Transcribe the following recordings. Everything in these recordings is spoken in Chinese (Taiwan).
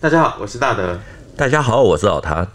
大家好，我是大德。大家好，我是老譚。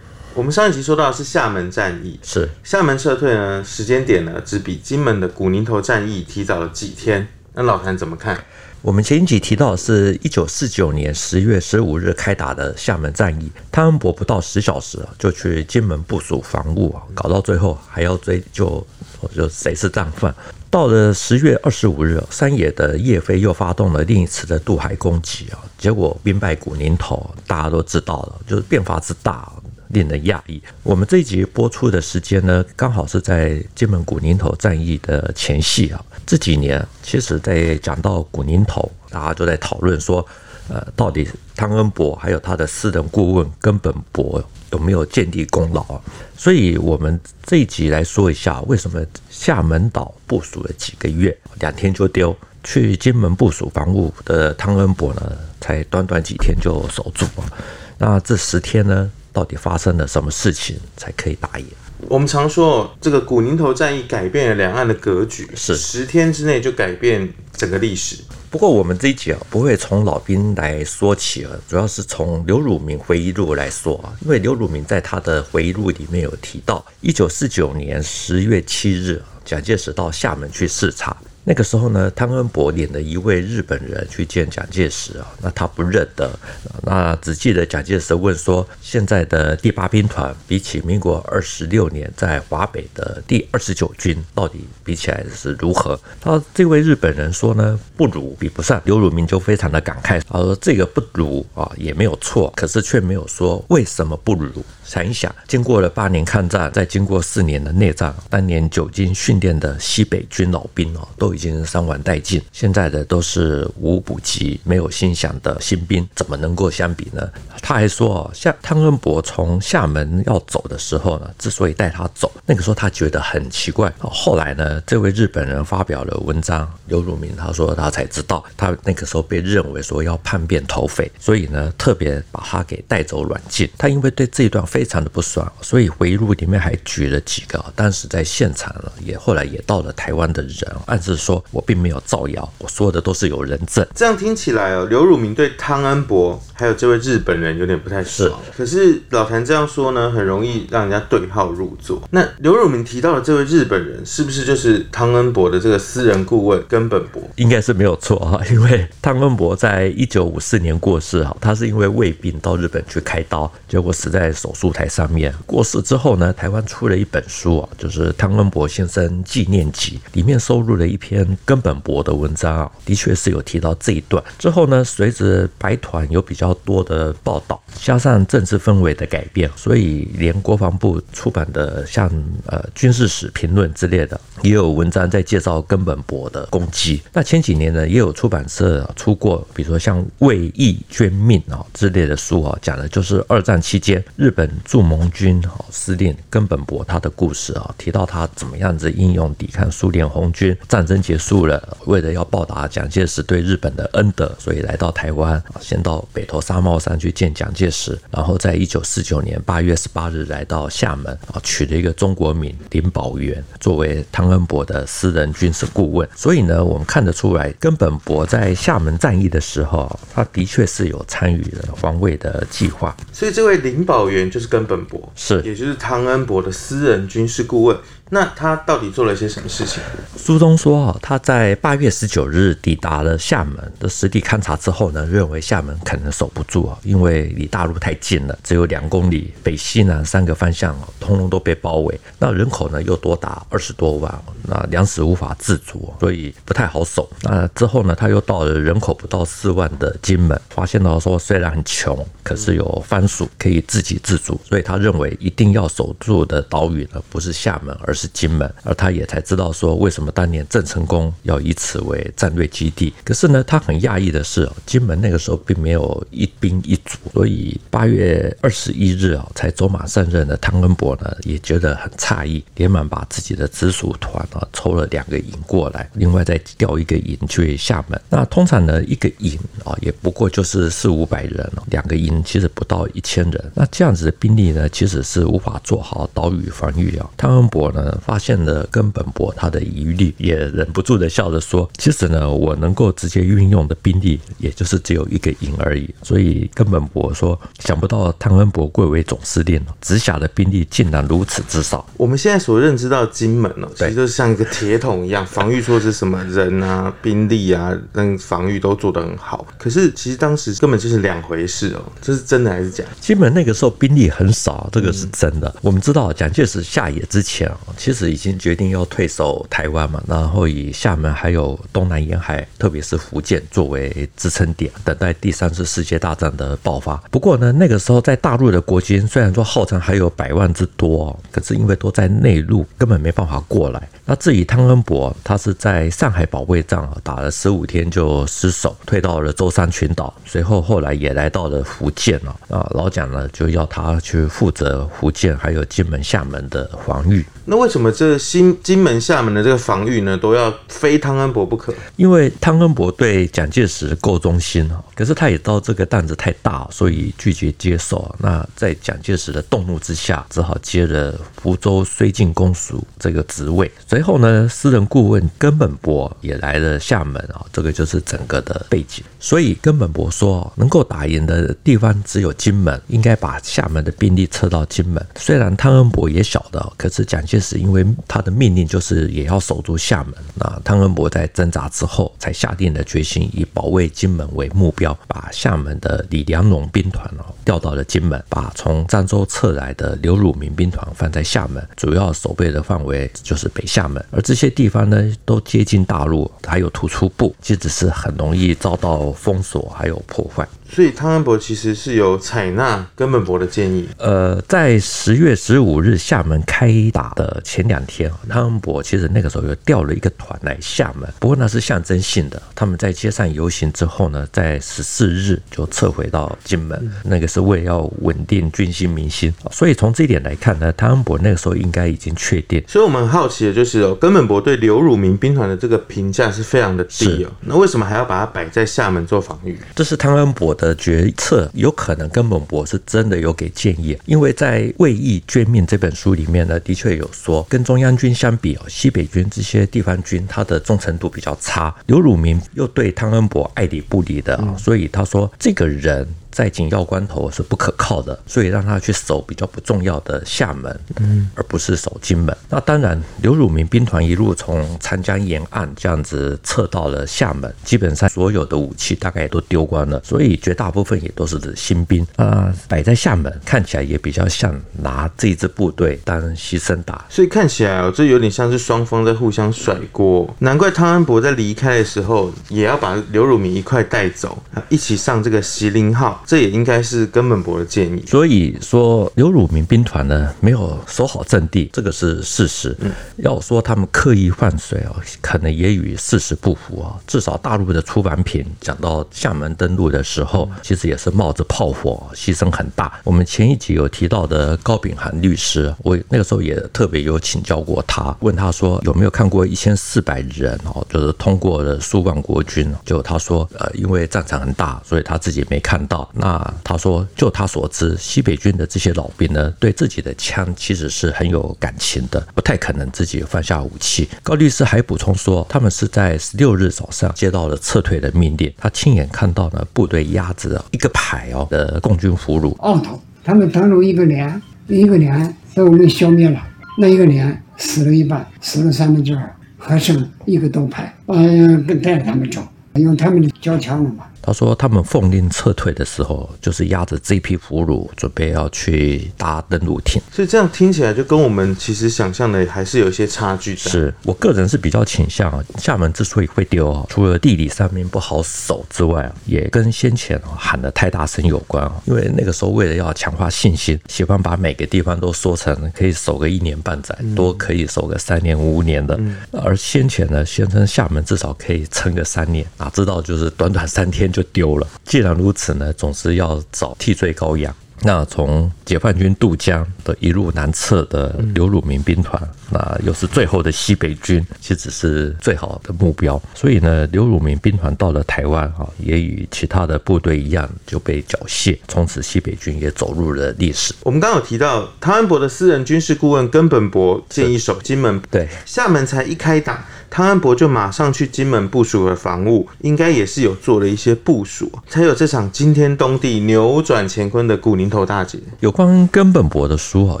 我們上一集說到是廈門戰役，是廈門撤退呢，時間點呢只比金門的古寧頭戰役提早了幾天。那老譚怎麼看？我們前一集提到的是1949年10月15日開打的廈門戰役，湯恩伯不到十小時啊，就去金門部署防務啊，搞到最後還要追究，我就誰是戰犯。到了10月25日，三野的葉飛又發動了另一次的渡海攻擊啊，結果兵敗古寧頭，大家都知道了，就是變法之大。令人訝異。我們這一集播出的時間呢，剛好是在金門古寧頭戰役的前夕啊。這幾年、啊，其實，在講到古寧頭，大家就在討論說，呃，到底湯恩伯還有他的私人顧問根本博有沒有建立功勞、啊、所以，我們這一集來說一下，為什麼廈門島部署了幾個月，兩天就丟；去金門部署防務的湯恩伯呢，才短短幾天就守住、啊、那這十天呢？到底發生了什麼事情才可以打贏？我們常說這個古寧頭戰役改變了兩岸的格局，是十天之內就改變整個歷史。不過我們這一集啊，不會從老兵來說起啊，主要是從劉汝明回憶錄來說啊，因為劉汝明在他的回憶錄裡面有提到，一九四九年十月七日啊，蔣介石到廈門去視察。那個時候呢，湯恩伯領了一位日本人去見蔣介石啊，那他不認得，那只記得蔣介石問說：現在的第八兵團比起民國二十六年在華北的第二十九軍，到底比起來是如何？他這位日本人說呢，不如，比不上。劉汝明就非常的感慨，而這個不如啊，也沒有錯，可是卻沒有說為什麼不如。想一想，經過了八年抗戰，再經過四年的內戰，當年久經訓練的西北軍老兵哦，都。已經傷亡殆盡，現在的都是無補給、沒有薪餉的新兵，怎麼能夠相比呢？他還說，像湯恩伯從廈門要走的時候呢，之所以帶他走，那個時候他覺得很奇怪。後來呢，這位日本人發表了文章，劉汝明他說他才知道，他那個時候被認為說要叛變投匪，所以呢，特別把他給帶走軟禁。他因為對這一段非常的不爽，所以回憶錄裡面還舉了幾個當時在現場了，也後來也到了台灣的人，暗示說。說我並沒有造謠，我說的都是有人證。這樣聽起來哦，劉汝明對湯恩伯還有這位日本人有點不太適合是可是老譚這樣說呢，很容易讓人家對號入座。那劉汝明提到的這位日本人，是不是就是湯恩伯的這個私人顧問根本博？應該是沒有錯啊，因為湯恩伯在一九五四年過世啊，他是因為胃病到日本去開刀，結果死在手術臺上面。過世之後呢，台灣出了一本書啊，就是《湯恩伯先生紀念集》，裡面收錄了一篇。跟根本博的文章啊，的確是有提到這一段。之後呢，隨着白團有比較多的報道，加上政治氛圍的改變，所以連國防部出版的像呃軍事史評論之類的，也有文章在介紹根本博的功績。那前幾年呢，也有出版社出過，比如說像《為義捐命》啊之類的書啊，講的就是二戰期間日本駐蒙軍司令根本博他的故事啊，提到他怎麼樣子英勇抵抗蘇聯紅軍戰爭結束了，為了要報答蔣介石對日本的恩德，所以來到台灣，先到北投紗帽山去見蔣介石，然後在一九四九年八月十八日來到廈門啊，取了一個中國名林保源，作為湯恩伯的私人軍事顧問。所以呢，我們看得出來，根本博在廈門戰役的時候，他的確是有參與了防衛的計劃。所以這位林保源就是根本博，是，也就是湯恩伯的私人軍事顧問。那他到底做了一些什麼事情？書中說，他在八月十九日抵達了廈門的實地勘察之後呢，認為廈門可能守不住啊，因為離大陸太近了，只有兩公里、北、西南三個方向通通都被包圍，那人口呢又多達二十多萬。那糧食無法自足，所以不太好守。那之後呢，他又到了人口不到四萬的金門，發現到說雖然很窮，可是有番薯可以自給自足，所以他認為一定要守住的島嶼呢，不是廈門，而是金門。而他也才知道說，為什麼當年鄭成功要以此為戰略基地。可是呢，他很訝異的是，金門那個時候並沒有一兵一卒，所以八月二十一日啊，才走馬上任的湯恩伯呢，也覺得很詫異，連忙把自己的直屬團。哦、抽了兩個營過來，另外再調一個營去廈門。那通常呢，一個營啊、哦，也不過就是四五百人，兩個營其實不到一千人。那這樣子的兵力呢，其實是無法做好島嶼防禦了、哦。湯恩伯呢，發現了根本博他的疑慮，也忍不住的笑着說：“其實呢，我能夠直接運用的兵力，也就是只有一個營而已。”所以根本博說：“想不到湯恩伯貴為總司令，直轄的兵力竟然如此之少。”我們現在所認知到的金門哦，其實就是像。像一個鐵桶一樣，防御說是什麼人啊、兵力啊，那防御都做得很好。可是其實當時根本就是兩回事哦、喔，這，就是真的還是假？基本那個時候兵力很少，這個是真的。嗯、我們知道蔣介石下野之前哦，其實已經決定要退守台灣嘛，然後以廈門還有東南沿海，特別是福建作為支撐點，等待第三次世界大戰的爆發。不過呢，那個時候在大陸的國軍雖然說號稱還有百萬之多哦，可是因為都在內陸，根本沒辦法過來。那至於湯恩伯，他是在上海保衛戰啊打了十五天就失守，退到了舟山群島，隨後後來也來到了福建啊。啊。老蔣呢就要他去負責福建還有金門、廈門的防御。那為什麼這新金門、廈門的這個防御呢都要非湯恩伯不可？因為湯恩伯對蔣介石夠忠心啊，可是他也知道這個擔子太大，所以拒絕接受，那在蔣介石的動怒之下，只好接了福州綏靖公署這個職位。所以。隨後呢，私人顧問根本博也來了廈門啊，這個就是整個的背景。所以根本博說，能夠打贏的地方只有金門，應該把廈門的兵力撤到金門。雖然湯恩伯也曉得，可是蔣介石因為他的命令就是也要守住廈門。那湯恩伯在掙扎之後，才下定了決心，以保衛金門為目標，把廈門的李良榮兵團調到了金門，把從漳州撤來的劉汝明兵團放在廈門，主要守備的範圍就是北廈門。而這些地方呢，都接近大陸，還有突出部，即使是很容易遭到封鎖，還有破壞。所以湯恩伯其實是有採納根本博的建議。呃，在十月十五日廈門開打的前兩天啊，湯恩伯其實那個時候又調了一個團來廈門，不過那是象徵性的。他們在街上遊行之後呢，在十四日就撤回到金門，是那個是為了要穩定軍心民心。所以從這一點來看呢，湯恩伯那個時候應該已經確定。所以我們很好奇的就是，哦，根本博對劉汝明兵團的這個評價是非常的低哦，是那為什麼還要把它擺在廈門做防禦？這是湯恩伯。的決策有可能根本博是真的有給建議，因為在《為義捐命》這本書裡面呢，的確有說，跟中央軍相比哦，西北軍這些地方軍，他的忠誠度比較差。劉汝明又對湯恩伯愛理不理的，所以他說這個人。在緊要關頭是不可靠的，所以讓他去守比較不重要的廈門，嗯，而不是守金門。那當然，劉汝明兵團一路從長江沿岸這樣子撤到了廈門，基本上所有的武器大概也都丟光了，所以絕大部分也都是新兵。啊，擺在廈門看起來也比較像拿這一支部隊當犧牲打，所以看起來哦，這有點像是雙方在互相甩鍋。難怪湯恩伯在離開的時候也要把劉汝明一塊帶走，一起上這個“西林號”。這也應該是根本博的建議。所以說，劉汝明兵團呢，沒有守好陣地，這個是事實。要說他們刻意放水哦，可能也與事實不符哦，至少大陸的出版品講到廈門登陸的時候，其實也是冒着炮火，犧牲很大。我們前一集有提到的高秉涵律師，我那個時候也特別有請教過他，問他說有沒有看過一千四百人哦，就是通過了數萬國軍。就他說，呃，因為戰場很大，所以他自己沒看到。那他說，就他所知，西北軍的這些老兵呢，對自己的槍其實是很有感情的，不太可能自己放下武器。高律師還補充說，他們是在十六日早上接到了撤退的命令，他親眼看到了部隊押着一個排哦的共軍俘虜。澳頭，他們登陸一個連，一個連被我們消滅了，那一個連死了一半，死了三分之二，還剩一個多排，嗯、哎，跟帶着他們走，用他們的交槍了嘛。他說他們奉令撤退的時候，就是押着這批俘虜準備要去搭登陸艇，所以這樣聽起來就跟我們其實想象的還是有一些差距的是。是我個人是比較傾向啊，廈門之所以會丟，除了地理上面不好守之外，也跟先前喊得太大聲有關啊。因為那個時候為了要強化信心，喜歡把每個地方都說成可以守個一年半載，多可以守個三年五年的。嗯，而先前呢，宣稱廈門至少可以撐個三年，哪知道就是短短三天。就丟了。既然如此呢，總是要找替罪羔羊。那從解放軍渡江的，一路南撤的劉汝明兵團。那又是最後的西北軍，其實是最好的目標。所以呢，劉汝明兵團到了台灣也與其他的部隊一樣就被繳械。從此，西北軍也走入了歷史。我們剛剛有提到，湯恩伯的私人軍事顧問根本博建議守金門，對廈門才一開打，湯恩伯就馬上去金門部署了防務，應該也是有做了一些部署，才有這場驚天動地、扭轉乾坤的古寧頭大捷。有關根本博的書，好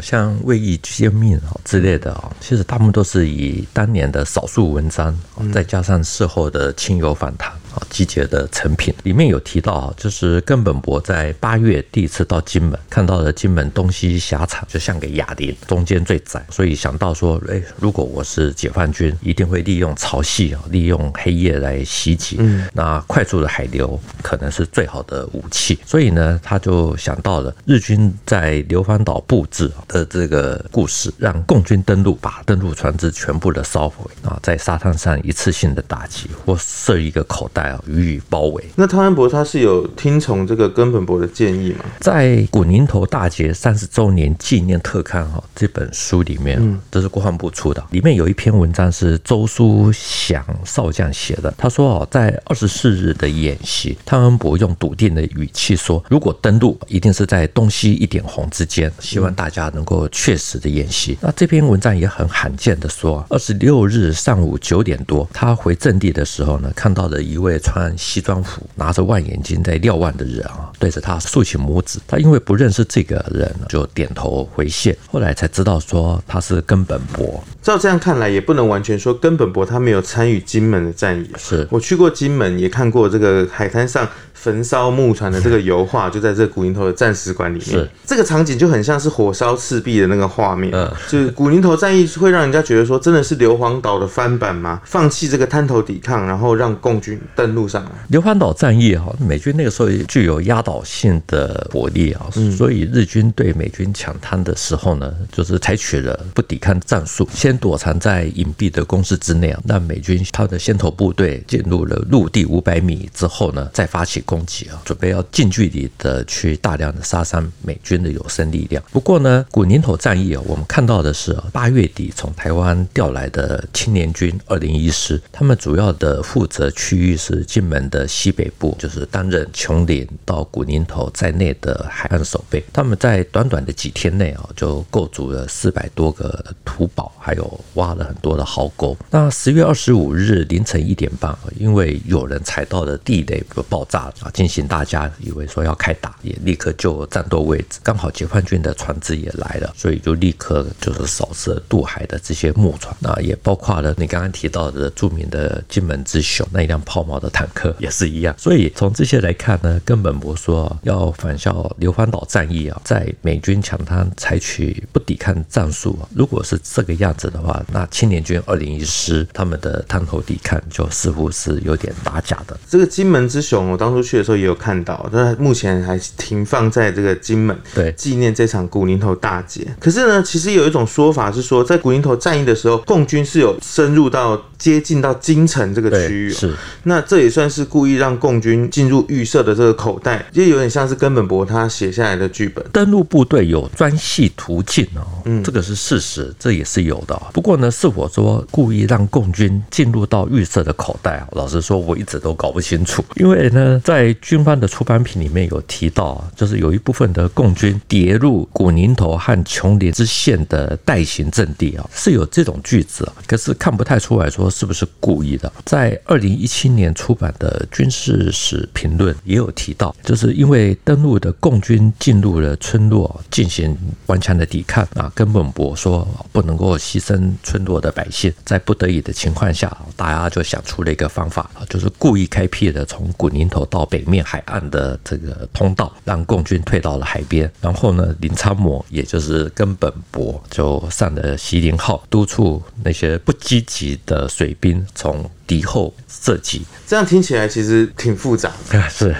像未遇見面之類的啊。其實他們都是以當年的少數文章，再加上事後的親友訪談。啊，集結的成品裡面有提到啊，就是根本博在八月第一次到金門，看到了金門東西狹長，就像個啞鈴，中間最窄，所以想到說，哎，如果我是解放軍，一定會利用潮汐啊，利用黑夜來襲擊，那快速的海流可能是最好的武器，所以呢，他就想到了日軍在硫磺島布置的這個故事，讓共軍登陸，把登陸船只全部的燒毀啊，在沙灘上一次性的打擊或設一個口袋。予以包圍。那湯恩伯他是有聽從這個根本博的建議嗎？在《古寧頭大捷三十周年紀念特刊》哈這本書裡面，嗯，這是國防部出的，裡面有一篇文章是周書祥少將寫的。他說哦，在二十四日的演習，湯恩伯用篤定的語氣說，如果登陸，一定是在東西一點紅之間，希望大家能夠確實的演習。那這篇文章也很罕見的說，二十六日上午九點多，他回陣地的時候呢，看到了一位。會穿西裝服，拿着望遠鏡在瞭望的人啊，對着他豎起拇指，他因為不認識這個人，就點頭回謝。後來才知道說他是根本博。照這樣看來，也不能完全說根本博他沒有參與金門的戰役。是我去過金門，也看過這個海灘上。焚燒木船的這個油畫，就在這古寧頭的戰史館裡面。是 這個場景就很像是火燒赤壁的那個畫面。嗯，就是古寧頭戰役是會讓人家覺得說，真的是硫磺島的翻版嗎？放棄這個灘頭抵抗，然後讓共軍登陸上來。硫磺島戰役哈，美軍那個時候也具有壓倒性的火力啊，嗯，所以日軍對美軍搶灘的時候呢，就是採取了不抵抗戰術，先躲藏在隱蔽的工事之內啊。讓美軍他的先頭部隊進入了陸地五百米之後呢，再發起攻。攻擊啊，準備要近距離的去大量的殺傷美軍的有生力量。不過呢，古寧頭戰役啊，我們看到的是啊，八月底從台灣調來的青年軍二零一師，他們主要的負責區域是金門的西北部，就是擔任瓊林到古寧頭在內的海岸守備。他們在短短的幾天內啊，就構築了四百多個土堡，還有挖了很多的壕溝。那十月二十五日凌晨一點半，因為有人踩到了地雷，而爆炸了。啊！進行大家以為說要開打，也立刻就戰鬥位置，剛好解放軍的船只也來了，所以就立刻就是掃射渡海的這些木船啊，那也包括了你剛剛提到的著名的金門之雄那一輛拋錨的坦克也是一樣。所以從這些來看呢，根本不說、啊、要仿效硫磺島戰役啊，在美軍搶灘採取不抵抗戰術啊，如果是這個樣子的話，那青年軍二零一師他們的灘頭抵抗就似乎是有點打假的。這個金門之雄，我當初。去的時候也有看到，那目前還停放在這個金門，對紀念這場古寧頭大捷。可是呢，其實有一種說法是說，在古寧頭戰役的時候，共軍是有深入到接近到金城這個區域，是那這也算是故意讓共軍進入預設的這個口袋，就有點像是根本博他寫下來的劇本。登陸部隊有專系途徑哦，嗯，這個是事實，這也是有的。不過呢，是否說故意讓共軍進入到預設的口袋，老實說我一直都搞不清楚，因為呢，在在軍方的出版品裡面有提到，就是有一部分的共軍跌入古寧頭和瓊林之線的袋形陣地啊，是有這種句子，可是看不太出來，說是不是故意的。在二零一七年出版的軍事史評論也有提到，就是因為登陸的共軍進入了村落進行頑強的抵抗啊，根本不說不能夠犧牲村落的百姓，在不得已的情況下，大家就想出了一個方法啊，就是故意開闢的從古寧頭到北面海岸的這個通道，讓共軍退到了海邊。然後呢，林參謀，也就是根本博，就上了“西林號”，督促那些不積極的水兵從。敵後設計，這樣聽起來其實挺複雜的。是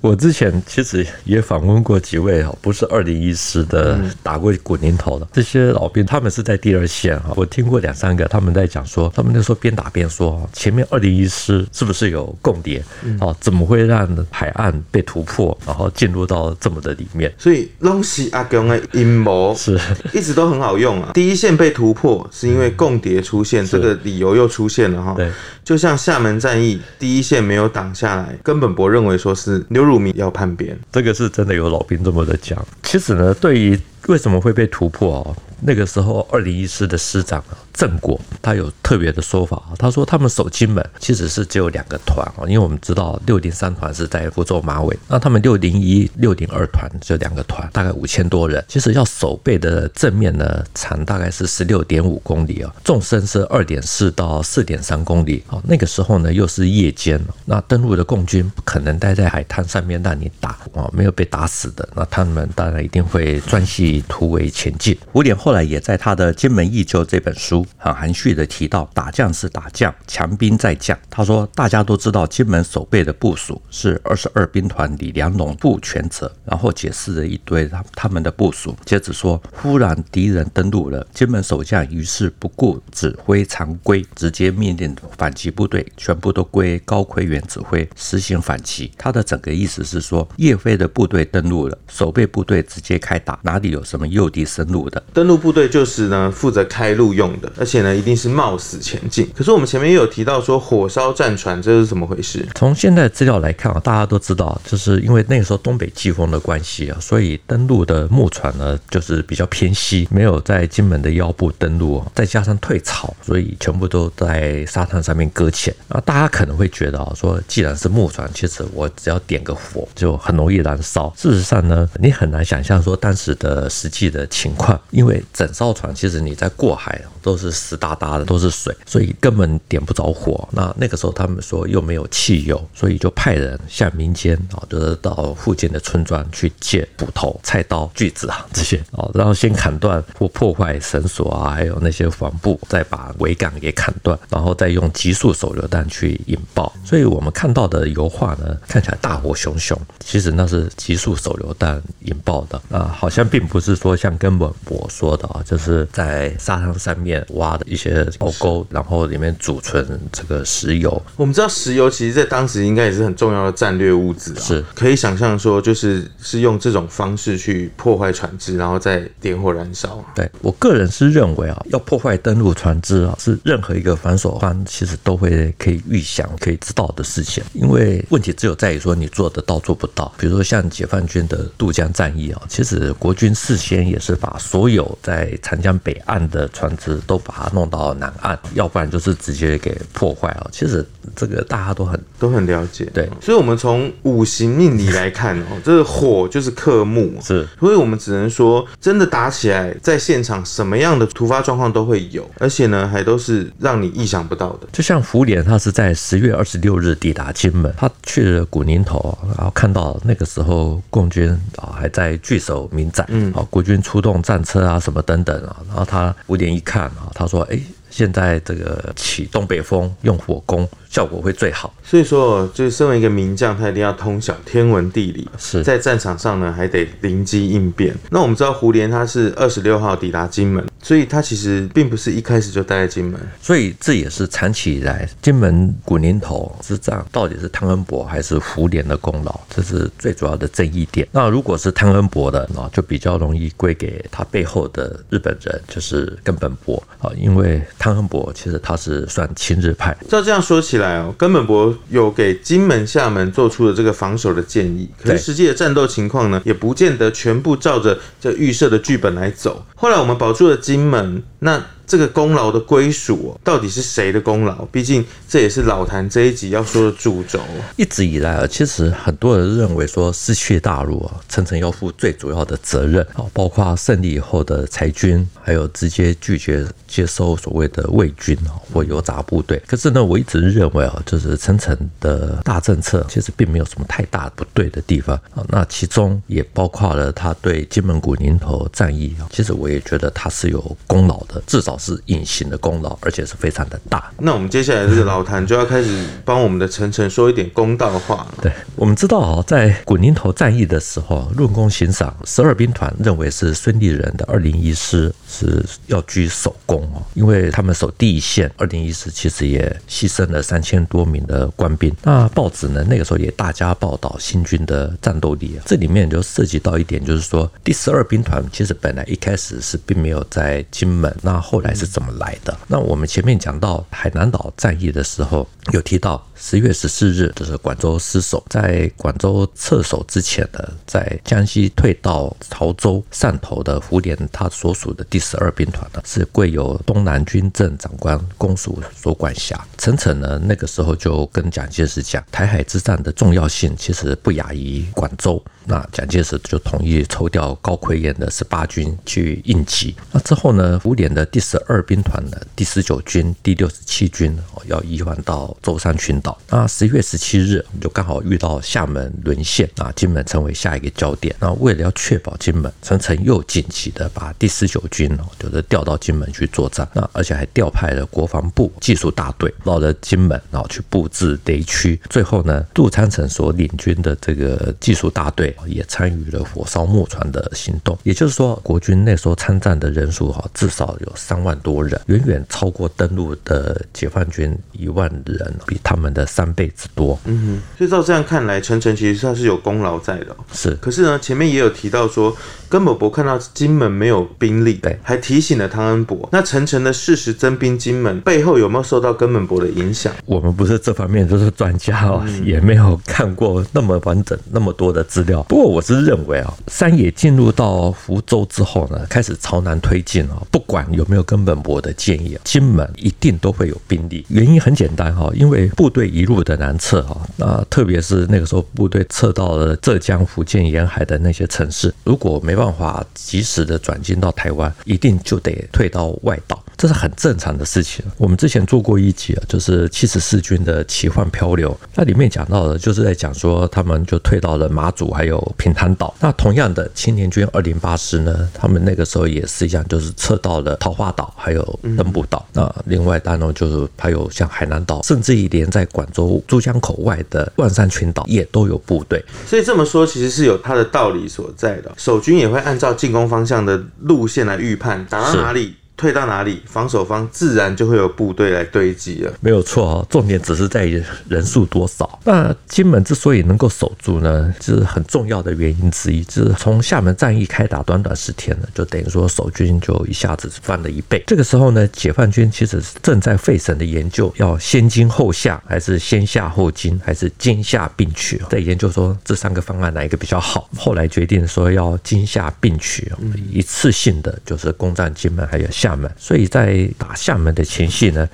我之前其實也訪問過幾位哈，不是二零一師的打過古寧頭的、嗯、這些老兵，他們是在第二線哈。我聽過兩三個，他們在講說，他們那時候邊打邊說，前面二零一師是不是有共諜、嗯、怎麼會讓海岸被突破，然後進入到這麼的裡面？所以，東西阿公的陰謀是一直都很好用啊。第一線被突破，是因為共諜出現，嗯、這個理由又出現了哈。對。就像廈門戰役第一線沒有擋下來，根本不認為說是劉汝明要叛變，這個是真的有老兵這麼的講。其實呢，對於為什麼會被突破？哦。那個時候，二零一師的師長鄭果，他有特別的說法，他說，他們守金門其實是只有兩個團啊，因為我們知道六零三團是在福州馬尾，那他們六零一、六零二團就兩個團，大概五千多人。其實要守備的正面呢，長大概是十六點五公里啊，縱深是二點四到四點三公里啊。那個時候呢，又是夜間，那登陸的共軍不可能待在海灘上面讓你打啊，沒有被打死的，那他們當然一定會鑽隙突圍前進。五點。後來也在他的《金門憶舊》這本書很含蓄地提到，打將是打將，強兵在將。他說，大家都知道金門守備的部署是二十二兵團李良榮部全責，然後解釋了一堆他他們的部署。接着說，忽然敵人登陸了，金門守將於是不顧指揮常規，直接命令反擊部隊全部都歸高魁元指揮，實行反擊。他的整個意思是說，葉飛的部隊登陸了，守備部隊直接開打，哪裡有什麼誘敵深入的登陸？部隊就是呢，負責開路用的，而且呢，一定是冒死前進。可是我們前面也有提到說，火燒戰船這是怎麼回事？從現在資料來看啊，大家都知道，就是因為那個時候東北季風的關係啊，所以登陸的木船呢，就是比較偏西，沒有在金門的腰部登陸啊，再加上退潮，所以全部都在沙灘上面擱淺。啊，大家可能會覺得啊，說既然是木船，其實我只要點個火就很容易燃燒。事實上呢，你很難想象說當時的實際的情況，因為。整艘船其實你在過海都是濕噠噠的，都是水，所以根本點不着火，那那個時候他們說又沒有汽油，所以就派人向民間啊，就是到附近的村莊去借斧頭、菜刀、鋸子啊這些，哦，然後先砍斷或破壞繩索啊，還有那些帆布，再把桅杆給砍斷，然後再用集束手榴彈去引爆。所以我們看到的油畫呢，看起來大火熊熊，其實那是集束手榴彈引爆的啊，那好像並不是說像根本博說。就是在沙灘上面挖的一些壕溝，是然後裡面儲存這個石油。我們知道石油其實在當時應該也是很重要的戰略物資，啊，是可以想象說就是是用這種方式去破壞船只，然後再點火燃燒。對我個人是認為啊，要破壞登陸船只啊，是任何一個防守方其實都會可以預想、可以知道的事情。因為問題只有在於說你做得到做不到。比如說像解放軍的渡江戰役啊，其實國軍事先也是把所有在長江北岸的船隻都把它弄到南岸，要不然就是直接給破壞了。其實這個大家都很都很了解，對。所以，我們從五行命理來看 哦，這個火就是克木，啊，是。所以我們只能說，真的打起來，在現場什麼樣的突發狀況都會有，而且呢，還都是讓你意想不到的。就像胡璉，他是在十月二十六日抵達金門，他去了古寧頭，然後看到那個時候共軍啊、哦、還在據守民宅，嗯，好、哦，國軍出動戰車啊什麼。等等啊，然後他五點一看啊，他說：“哎、欸，現在這個起東北風，用火攻。”效果會最好，所以說，就是身為一個名將，他一定要通曉天文地理，是在戰場上呢還得靈機應變。那我們知道胡璉他是二十六號抵達金門，所以他其實並不是一開始就待在金門，所以這也是長期以來金門古寧頭之戰到底是湯恩伯還是胡璉的功勞，這是最主要的爭議點。那如果是湯恩伯的，呢，就比較容易歸給他背後的日本人，就是根本博。啊，因為湯恩伯其實他是算親日派。照這樣說起來。根本博有給金門、廈門做出的這個防守的建議，可是實際的戰鬥情況呢，也不見得全部照着這預設的劇本來走。後來我們保住了金門，那。這個功勞的歸屬到底是誰的功勞？畢竟這也是老譚這一集要說的主軸。一直以來啊，其實很多人認為說失去大陸啊，陳誠要負最主要的責任啊，包括勝利以後的裁軍，還有直接拒絕接收所謂的偽軍啊或游雜部隊。可是呢，我一直認為啊，就是陳誠的大政策其實並沒有什麼太大不對的地方啊。那其中也包括了他對金門古寧頭戰役啊，其實我也覺得他是有功勞的，至少。是隱形的功勞，而且是非常的大。那我們接下來這個老譚就要開始幫我們的晨晨說一點公道話。 對我們知道啊、哦，在古寧頭戰役的時候，論功行賞，十二兵團認為是孫立人的二零一師是要居首功哦，因為他們守第一線，二零一師其實也犧牲了三千多名的官兵。那報紙呢，那個時候也大加報道新軍的戰鬥力。這裡面就涉及到一點，就是說第十二兵團其實本來一開始是並沒有在金門，那後來。是怎麼來的？那我們前面講到海南島戰役的時候，有提到。十月十四日，就是廣州失守。在廣州撤守之前呢，在江西退到潮州、汕頭的胡璉，他所屬的第十二兵團呢，是歸由東南軍政長官公署所管轄。陳誠呢，那個時候就跟蔣介石講，台海之戰的重要性其實不亞於廣州。那蔣介石就同意抽調高魁元的十八軍去應急。那之後呢，胡璉的第十二兵團呢，第十九軍、第六十七軍、哦、要移防到舟山群島。那十月十七日，就剛好遇到廈門淪陷啊，那金門成為下一個焦點。那為了要確保金門，陳誠又緊急的把第十九軍，就是調到金門去作戰。那而且還調派了國防部技術大隊，繞着金門，然後去布置雷區。最後呢，杜昌城所領軍的這個技術大隊也參與了火燒木船的行動。也就是說，國軍那時候參戰的人數哈，至少有三萬多人，遠遠超過登陸的解放軍一萬人，比他們的三倍之多，嗯，所以照這樣看來，陳誠其實算是有功勞在的。喔。是，可是呢，前面也有提到說，根本博看到金門沒有兵力，對，還提醒了湯恩伯。那陳誠的事實增兵金門背後有沒有受到根本博的影響？我們不是這方面都，就是專家哦，喔，嗯，也沒有看過那麼完整，那麼多的資料。不過我是認為啊，喔，三野進入到福州之後呢，開始朝南推進啊，喔，不管有沒有根本博的建議，金門一定都會有兵力。原因很簡單哈，喔，因為部隊。一路的南撤啊，那特別是那個時候部隊撤到了浙江、福建沿海的那些城市，如果沒辦法及時的轉進到台灣，一定就得退到外島，這是很正常的事情。我們之前做過一集啊，就是七十四軍的奇幻漂流，那裡面講到的就是在講說他們就退到了馬祖還有平潭島。那同樣的，青年軍二零八師呢，他們那個時候也是一樣，就是撤到了桃花島還有登步島。嗯、那另外當中就是還有像海南島，甚至一連在廣州珠江口外的萬山群島也都有部隊，所以這麼說其實是有它的道理所在的、喔。守軍也會按照進攻方向的路線來預判，打到哪裡。退到哪裡，防守方自然就會有部隊來堆積了。沒有錯哦，重點只是在於人數多少。那金門之所以能夠守住呢，就是很重要的原因之一，就是從廈門戰役開打短短十天呢，就等於說守軍就一下子翻了一倍。這個時候呢，解放軍其實是正在費神的研究，要先金後廈，還是先廈後金，還是金廈並取，在研究說這三個方案哪一個比較好。後來決定說要金廈並取，嗯、一次性的就是攻佔金門還有廈。廈門，所以在打廈門的前夕呢。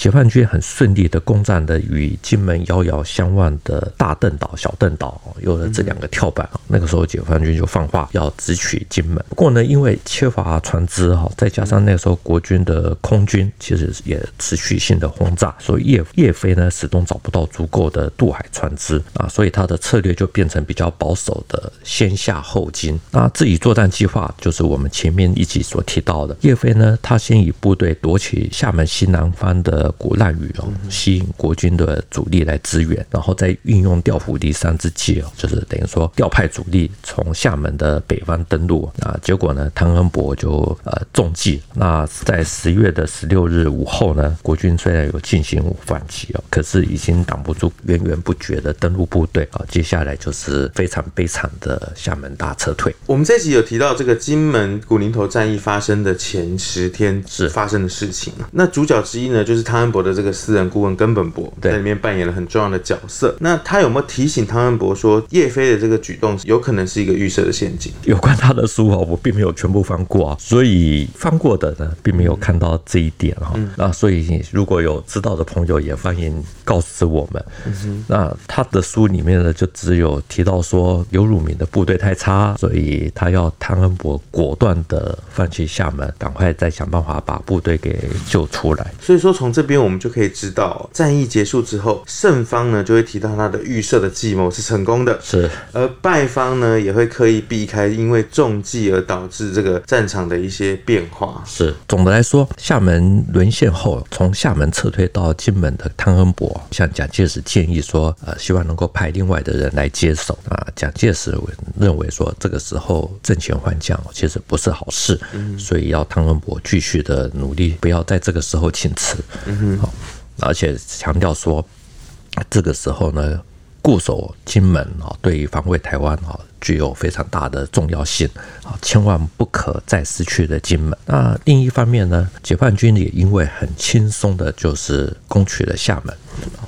解放軍很順利的攻占了與金門遙遙相望的大嶝島、小嶝島，有了這兩個跳板，那個時候解放軍就放話要直取金門。不過呢，因為缺乏船只哈，再加上那個時候國軍的空軍其實也持續性的轟炸，所以葉葉飛呢始終找不到足夠的渡海船只啊，所以他的策略就變成比較保守的先廈後金。那自己作戰計劃就是我們前面一集所提到的，葉飛呢，他先以部隊奪取廈門西南方的。鼓浪嶼哦，嗯嗯、哼吸引國軍的主力來支援，然後再運用調虎離山之計哦，就是等於說調派主力從廈門的北方登陸啊。結果呢，湯恩伯就呃中計。那在十月的十六日午後呢，國軍雖然有進行反擊哦，可是已經擋不住源源不絕的登陸部隊啊，接下來就是非常悲慘的廈門大撤退。我們這一集有提到這個金門古寧頭戰役發生的前十天是發生的事情啊。是那主角之一呢，就是他。湯恩伯的這個私人顧問根本博在裡面扮演了很重要的角色對。那他有沒有提醒湯恩伯說葉飛的這個舉動有可能是一個預設的陷阱？有關他的書啊，我並沒有全部翻過啊，所以翻過的呢，並沒有看到這一點哈。嗯、那所以如果有知道的朋友，也歡迎告訴我們。嗯、哼那他的書裡面呢，就只有提到說劉汝明的部隊太差，所以他要湯恩伯果斷的放棄廈門，趕快再想辦法把部隊給救出來。所以說從這。這邊我們就可以知道，戰役結束之後，勝方呢就會提到他的預設的計謀是成功的，是；而敗方呢也會刻意避開因為中計而導致這個戰場的一些變化，是。總的來說，廈門淪陷後，從廈門撤退到金門的湯恩伯向蔣介石建議說，呃，希望能夠派另外的人來接手。啊，蔣介石認為說，這個時候陣前換將其實不是好事，嗯，所以要湯恩伯繼續的努力，不要在這個時候請辭。而且強調說，這個時候呢，固守金門對於防衛台灣具有非常大的重要性，千萬不可再失去的金門。那另一方面呢，解放軍也因為很輕鬆的，就是攻取了廈門，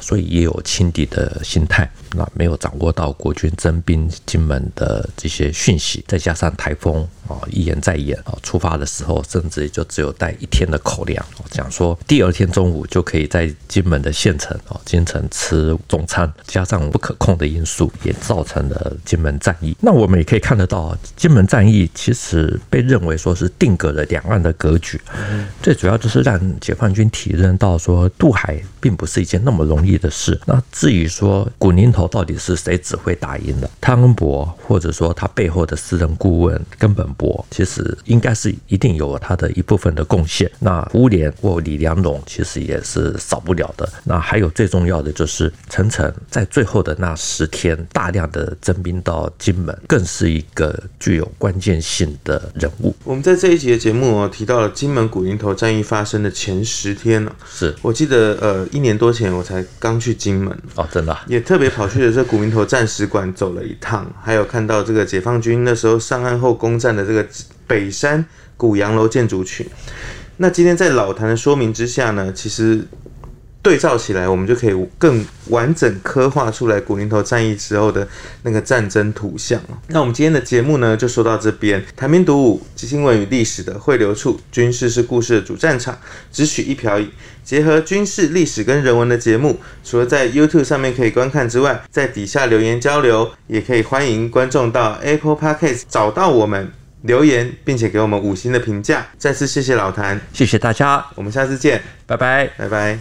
所以也有輕敵的心態，那沒有掌握到國軍增兵金門的這些訊息，再加上颱風。哦，一言再一言。哦，出發的時候甚至也就只有帶一天的口糧，講說第二天中午就可以在金門的縣城哦，金城吃中餐，加上不可控的因素，也造成了金門戰役。那我們也可以看得到，金門戰役其實被認為說是定格了兩岸的格局，嗯、最主要就是讓解放軍體認到說渡海並不是一件那麼容易的事。那至於說古寧頭到底是誰指揮打贏的，湯恩伯或者說他背後的私人顧問根本。我其實應該是一定有他的一部分的貢獻。那胡璉或李良榮其實也是少不了的。那還有最重要的就是陳誠在最後的那十天大量的徵兵到金門，更是一個具有關鍵性的人物。我們在這一集的節目、哦、提到了金門古寧頭戰役發生的前十天是，我記得呃一年多前我才剛去金門哦，真的、啊、也特別跑去的這古寧頭戰史館走了一趟，還有看到這個解放軍那時候上岸後攻佔的這個。這個北山古洋樓建築群，那今天在老譚的說明之下呢，其實對照起來，我們就可以更完整刻畫出來古寧頭戰役之後的那個戰爭圖像。那我們今天的節目呢，就說到這邊。譚兵讀武，新聞與歷史的匯流處，軍事是故事的主戰場，只取一瓢飲，結合軍事歷史跟人文的節目，除了在 YouTube 上面可以觀看之外，在底下留言交流，也可以歡迎觀眾到 Apple Podcast 找到我們。留言，並且給我們五星的評價。再次謝謝老譚，謝謝大家，我們下次見，拜拜，拜拜。